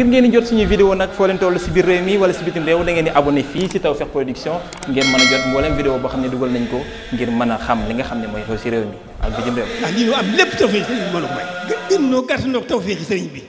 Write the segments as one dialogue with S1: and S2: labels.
S1: ngir ngeen di jot suñuy vidéo nag foo leen toll si biir réew mi wala si bitim réew da di abonné fii si Tawfekh Production ngeen mën a jot mboolem vidéo boo xam ne dugal nañ ko ngir mën a xam li nga xam ne mooy xew si réew mi ak bitim réew. Ah, a noo gàtt noo Tawfekh sëriñ bi.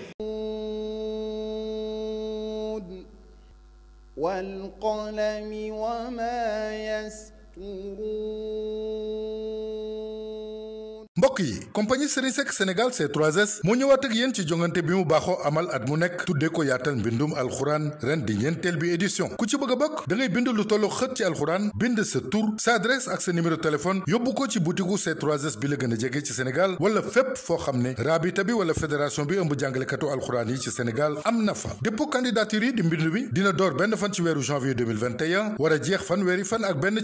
S2: mbokk yi compagnie Serigne Seck Sénégal C3S moo ñëwaat ak yéen ci jongante bi mu baaxoo amal at mu nekk tuddee ko yaatal mbindum alxuraan ren di ñeenteel bi édition ku ci bëgg a bokk da bind lu tollu xët ci alxuraan bind sa tur sa adresse ak sa numéro téléphone yóbbu ko ci butigu c 3 bi la gën a jege ci Sénégal wala fépp foo xam ne raabita bi wala fédération bi ëmb jàngalekatu alxuraan yi ci Sénégal am na fa dépôt candidature yi di a jeex fanweeri fan ak benn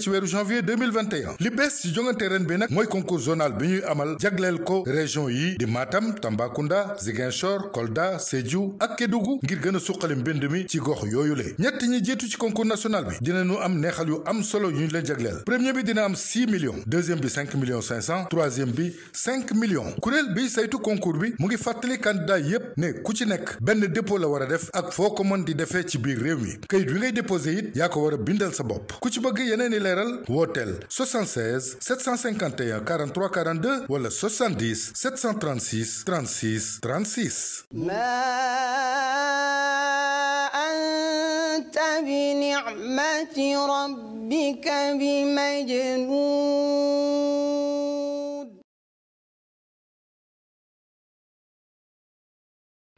S2: jagleel ko région yi di Matam Tambacounda Ziguinchor Kolda Sédhiou ak Kédougou ngir gën a suqali mbind mi ci gox yooyu le ñett ñi jeetu ci concours national bi dinañu am neexal yu am solo yu ñu leen jagleel premier bi dina am 6 millions deuxième bi 5 millions 500 troisième bi 5 millions kuréel bi saytu concours bi mu ngi fàttali candidat yépp ne ku ci nekk benn dépôt la war a def ak foo ko mën di defee ci biir réew mi kayit wi ngay déposé it yaa ko war a bindal sa bopp ku ci bëgg yeneen i leeral wooteel 76 751 43 42 wala wala 70 736 36 36.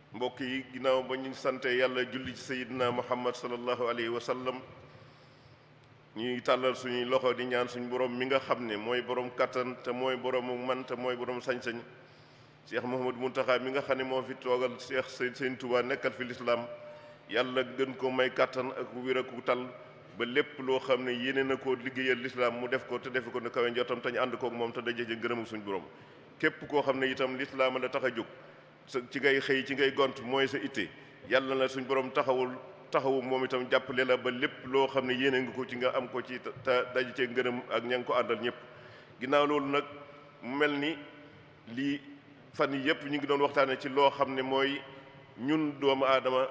S1: mbokk yi ginnaaw ba ñu sante yàlla julli ci sayidina muhammad sallallahu alayhi wa sallam ñuy tàllal suñuy loxo di ñaan suñu borom mi nga xam ne mooy borom kattan te mooy borom man te mooy borom sañ-sañ Cheikh Mouhamadou taxaa mi nga xam ne moo fi toogal Cheikh Sëñ Touba nekkal fi lislaam yàlla gën ko may kattan ak wér ak tal ba lépp loo xam ne yéene na koo liggéeyal lislaam mu def ko te defe ko ne kawe njottam te ñu ànd moom te daje ci ngërëm ak suñu borom képp koo xam ne itam lislaam a tax a jóg ci ngay xëy ci ngay gont mooy sa itte yàlla na suñu borom taxawul. taxawu moom itam jàppale la ba lépp loo xam ne yéene ngi ko ci nga am ko ci ta daje cee ngërëm ak ña nga ko àndal ñëpp ginnaaw loolu nag mel ni lii fan yi yëpp ñu ngi doon waxtaane ci loo xam ne mooy ñun doomu aadama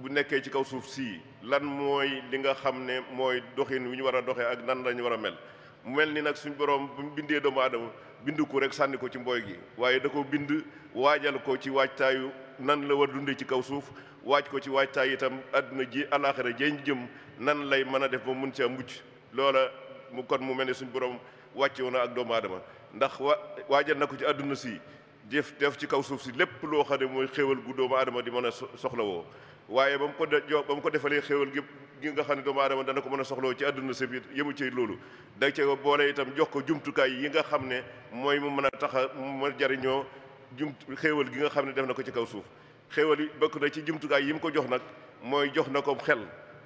S1: bu nekkee ci kaw suuf sii lan mooy li nga xam ne mooy doxin wi ñu war a doxee ak nan lañu war a mel mu mel ni nag suñ borom bu mu bindee doomu aadama bind ku rek sànni ko ci mbooy gi waaye da ko bind waajal ko ci waajtaayu nan la war dundee ci kaw suuf waaj ko ci waajtaay itam àdduna ji alaaxira jeeñ jëm nan lay mën a def ba mun caa mucc loola mu kon mu mel ne suñu borom wàcce woon ak doomu aadama ndax wa waajal na ko ci àdduna si jëf def ci kaw suuf si lépp loo xam ne mooy xéewal gu doomu aadama di mën a soxlawoo waaye ba mu ko jo ba mu ko defalee xéewal gi gi nga xam ne doomu aadama dana ko mën a soxlawoo ci àdduna si biir yëmu ci loolu da ce boole itam jox ko jumtukaay yi nga xam ne mooy mu mën a tax a mu mën jariñoo jumt xéewal gi nga xam ne def na ko ci kaw suuf xéewal yi bokk na ci jumtukaay yi mu ko jox nag mooy jox na ko xel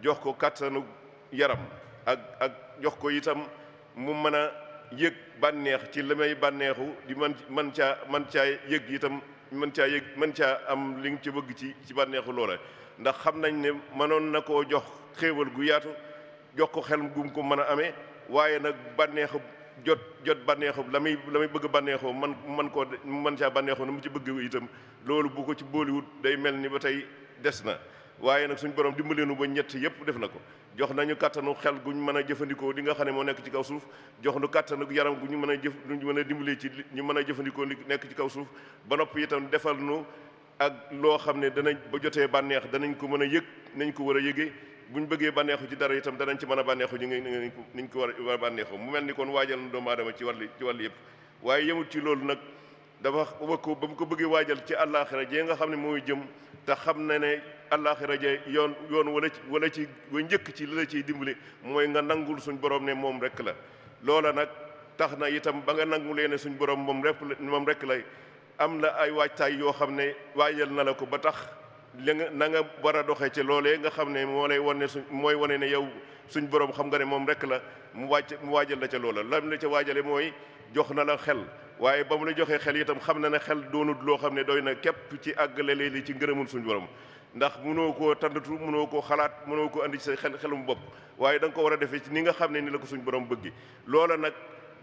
S1: jox ko kàttanu yaram ak ak jox ko itam mu mën a yëg bànneex ci li may bànneexu di man man caa man caa yëg itam mën caa yëg mën caa am li nga ci bëgg ci ci bànneexu loola ndax xam nañ ne mënoon na koo jox xéewal gu yaatu jox ko xel gum ko mën a amee waaye nag bànneexu jot jot bànneexu la muy bëgg bànneexoo man man koo man caa bànneexoo na mu ci bëgg itam loolu bu ko ci booliwut day mel ni ba tey des na waaye nag suñ borom dimbaleenu ba ñett yëpp def na ko jox nañu kàttanu xel guñ mën a jëfandikoo li nga xam ne moo nekk ci kaw suuf jox nu kàttanu yaram gu ñu mën a jëf ñu mën a dimbalee ci ñu mën a jëfandikoo li nekk ci kaw suuf ba noppi itam defal nu ak loo xam ne danañ ba jotee bànneex danañ ko mën a yëg nañ ko war a yëgee buñ bëggee bànneexu ci dara itam danañ ci mën a bànneexu ñu ngi niñ ko war a bànneexu mu mel ni kon waajal na doomu aadama ci wàll ci wàll yëpp waaye yemut ci loolu nag dafa ba mu ko bëggee waajal ci àllaaxira jee nga xam ne mooy jëm te xam na ne àllaaxira jee yoon yoon wala ci wala ci wa njëkk ci li la ciy dimbali mooy nga nangul suñu borom ne moom rek la loola nag tax na itam ba nga nangulee ne suñ borom moom rek moom rek lay am na ay waajtaay yoo xam ne waajal na la ko ba tax li nga na nga war a doxee ci loolee nga xam ne moo lay wane suñ mooy wane ne yow suñ borom xam nga ne moom rek la mu wàcc waajal la ca loola lam la ca waajalee mooy jox na la xel waaye ba mu la joxee xel itam xam na ne xel doonut loo xam ne doy na képp ci àggale li ci ngërëmul suñ borom ndax munoo koo tandatu mënoo koo xalaat mënoo koo andi ci sa xel xelum bopp waaye da ko war a defee ci ni nga xam ne ni la ko suñ borom bëgg loola nag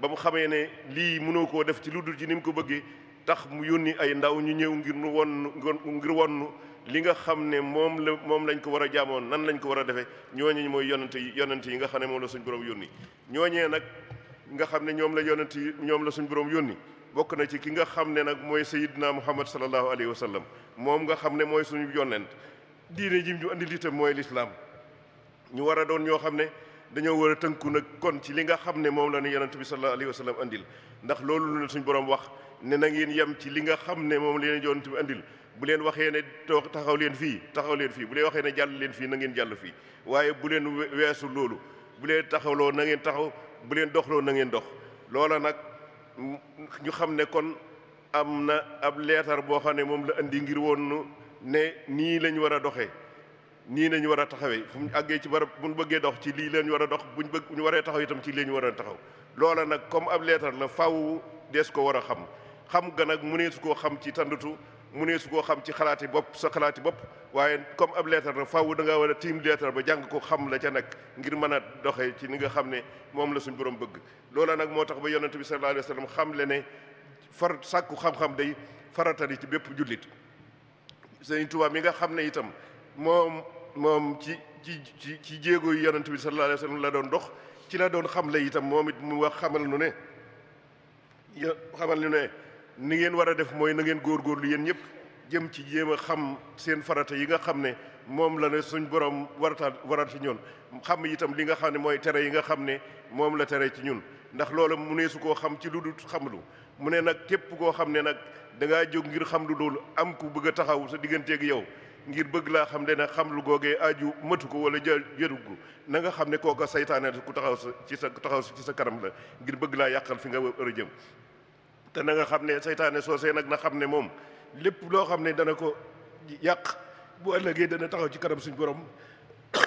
S1: ba mu xamee ne lii mënoo koo def ci lu dul ci ni ko bëggee tax mu yónni ay ndaw ñu ñëw ngir nu won ngir won li nga xam ne moom la moom lañ ko war a jaamoon nan lañ ko war a defee ñooñu mooy yonante yi yonante yi nga xam ne moom la suñ borom yónni ñooñee nag nga xam ne ñoom la yonante ñoom la suñ borom yónni bokk na ci ki nga xam ne nag mooy sayidna muhammad salallahu alayhi wa sallam moom nga xam ne mooy suñu yonent diine jim ñu andi lii tam mooy lislaam ñu war a doon ñoo xam ne dañoo war a tënku nag kon ci li nga xam ne moom la ne yonent bi salallahu alayhi wa sallam andil ndax loolu la suñ borom wax ne na ngeen yem ci li nga xam ne moom li la yonent bi andil bu leen waxee ne toog taxaw leen fii taxaw leen fii bu leen waxee ne jàll leen fii na ngeen jàll fii waaye bu leen weesu loolu bu leen taxaw na nangeen taxaw bu leen doxloo na ngeen dox loola nag ñu xam ne kon am na ab leetar boo xam ne moom la indi ngir woon ne nii lañ war a doxee nii lañ war a taxawee fu mu àggee ci barab buñ bëggee dox ci lii lañ war a dox buñ bëgg ñu waree taxaw itam ci lii lañ war a taxaw loola nag comme ab leetar la faw des ko war a xam xam ga nag mu neesu koo xam ci tandatu mu ne su koo xam ci xalaati bopp sa xalaati bopp waaye comme ab leetar nag faaw da war a tiim leetar ba jàng ko xam la ca nag ngir mën a doxe ci ni nga xam ne moom la suñu borom bëgg loola nag moo tax ba yonent bi sallallahu alayhi wa sallam xam le ne far sàkku xam faratali ci bépp jullit Sëriñ Tuubaa mi nga xam ne itam moom moom ci ci ci ci jéego yi yonent bi la doon dox ci la doon xam itam moom it mu wax xamal nu ne xamal nu ne ni ngeen war a def mooy nangeen ngeen góorgóorlu yéen ñëpp jëm ci jéem a xam seen farata yi nga xam ne moom la suñ borom warata waral ci ñun xam itam li nga xam ne mooy tere yi nga xam ne moom la tere ci ñun ndax loolu mu ne su koo xam ci lu dul xamlu mu ne nag képp koo xam ne nag dangaa jóg ngir xam lu loolu am ku bëgg taxaw sa digganteeg yow ngir bëgg laa xam le ne xam lu googee aju matu ko wala jëru ko na nga xam ne kooka saytaane ku taxaw sa ci sa taxaw ci sa kanam la ngir bëgg laa yàqal fi nga war a jëm te na nga xam ne seytaane soosee nag na xam ne moom lépp loo xam ne dana ko yàq bu ëllëgee dana taxaw ci kanam suñ borom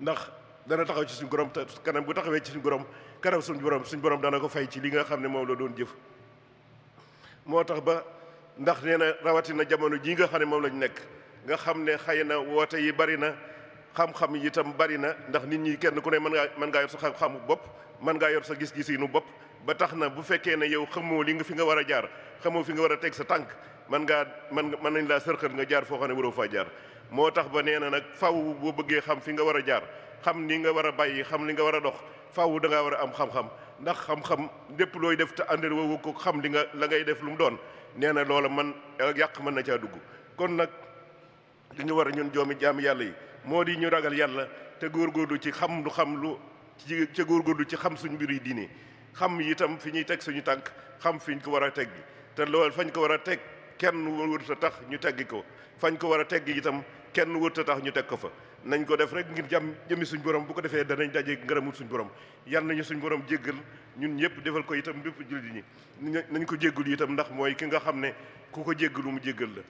S1: ndax dana taxaw ci suñu gorom te kanam bu taxawee ci suñu gorom kanam suñ borom suñ borom dana ko fay ci li nga xam ne moom la doon jëf moo tax ba ndax nee na rawatina jamono jii nga xam ne moom lañ nekk nga xam ne xëy na woote yi bari na xam-xam yi itam bari na ndax nit ñi kenn ku ne mën ngaa mën ngaa yor sa xam-xamu bopp mën ngaa yor sa gis-gis yi nu bopp ba tax na bu fekkee ne yow xamoo li nga fi nga war a jaar xamoo fi nga war a teg sa tànk man ngaa man mën nañ laa sërxal nga jaar foo xam ne waroo faa jaar moo tax ba nee na nag faw boo bëggee xam fi nga war a jaar xam ni nga war a bàyyi xam li nga war a dox fawu da war a am xam-xam ndax xam-xam lépp looy def te àndal woowu ko xam di nga la ngay def lu mu doon nee na loola man yàq mën na caa dugg kon nag li ñu war a ñun joomi jaam yàlla yi moo di ñu ragal yàlla te góor góor du ci xam lu xam lu ci góorgóorlu ci xam suñ mbir yi diine xam yitam fi ñuy teg suñu tànk xam fi ñu ko war a teggi te loolu fañ ko war a teg kenn wërta tax ñu teggi ko fañ ko war a teggi itam kenn wërta tax ñu teg ko fa nañ ko def rek ngir jàmm jëmi suñ borom bu ko defee danañ daje ngërëmul suñ borom yal nañu suñ borom jéggal ñun ñëpp defal ko itam bépp jullit ñi nañ ko jéggul itam ndax mooy ki nga xam ne ku ko jéggalu mu jéggal la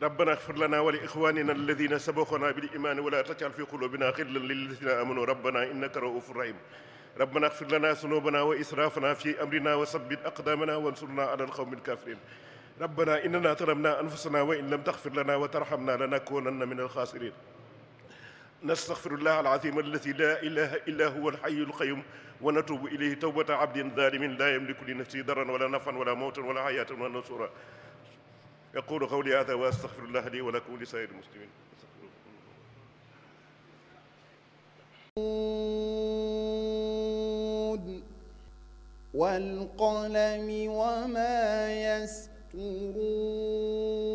S1: rabbana xfir lana wa li ixwanina alladina sabaquna bil imaan wala tajal fi qulubina xillan lilladina amanu rabbana innaka raufur rahim ربنا اغفر لنا ذنوبنا وإسرافنا في أمرنا وثبت أقدامنا وانصرنا على القوم الكافرين ربنا إننا ظلمنا أنفسنا وإن لم تغفر لنا وترحمنا لنكونن من الخاسرين نستغفر الله العظيم الذي لا إله إلا هو الحي القيوم ونتوب إليه توبة عبد ظالم لا يملك لنفسه ضرا ولا نفعا ولا موتا ولا حياة ولا نصورا يقول قولي هذا وأستغفر الله لي ولكم ولسائر المسلمين
S2: والقلم وما يسطرون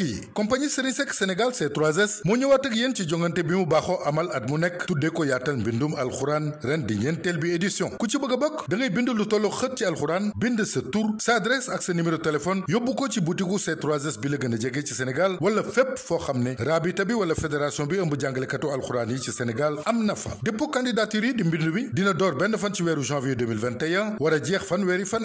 S2: mbokk yi compagnie Serigne Seck Sénégal c 3 moo ñëwaat ak yéen ci jongante bi mu baaxoo amal at mu nekk tuddee ko yaatal mbindum alxuraan ren di ñeenteel bi édition ku ci bëgg a bokk da bind lu tollu xët ci alxuraan bind sa tur sa adresse ak sa numéro téléphone yóbbu ko ci butigu C3S bi la gën a jege ci Sénégal wala fépp foo xam ne raabita bi wala fédération bi ëmb jàngalekatu alxuraan yi ci Sénégal am na fa dépôt candidature yi di mbindu bi dina door benn fan ci weeru janvier 2021 war a jeex fanweeri fan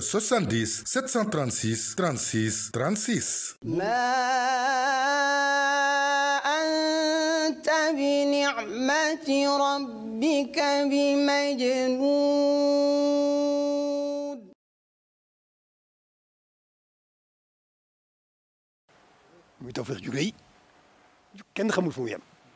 S2: wala 70 736 36 36. muy Tawfekh ju rëy
S1: kenn xamul fu mu yem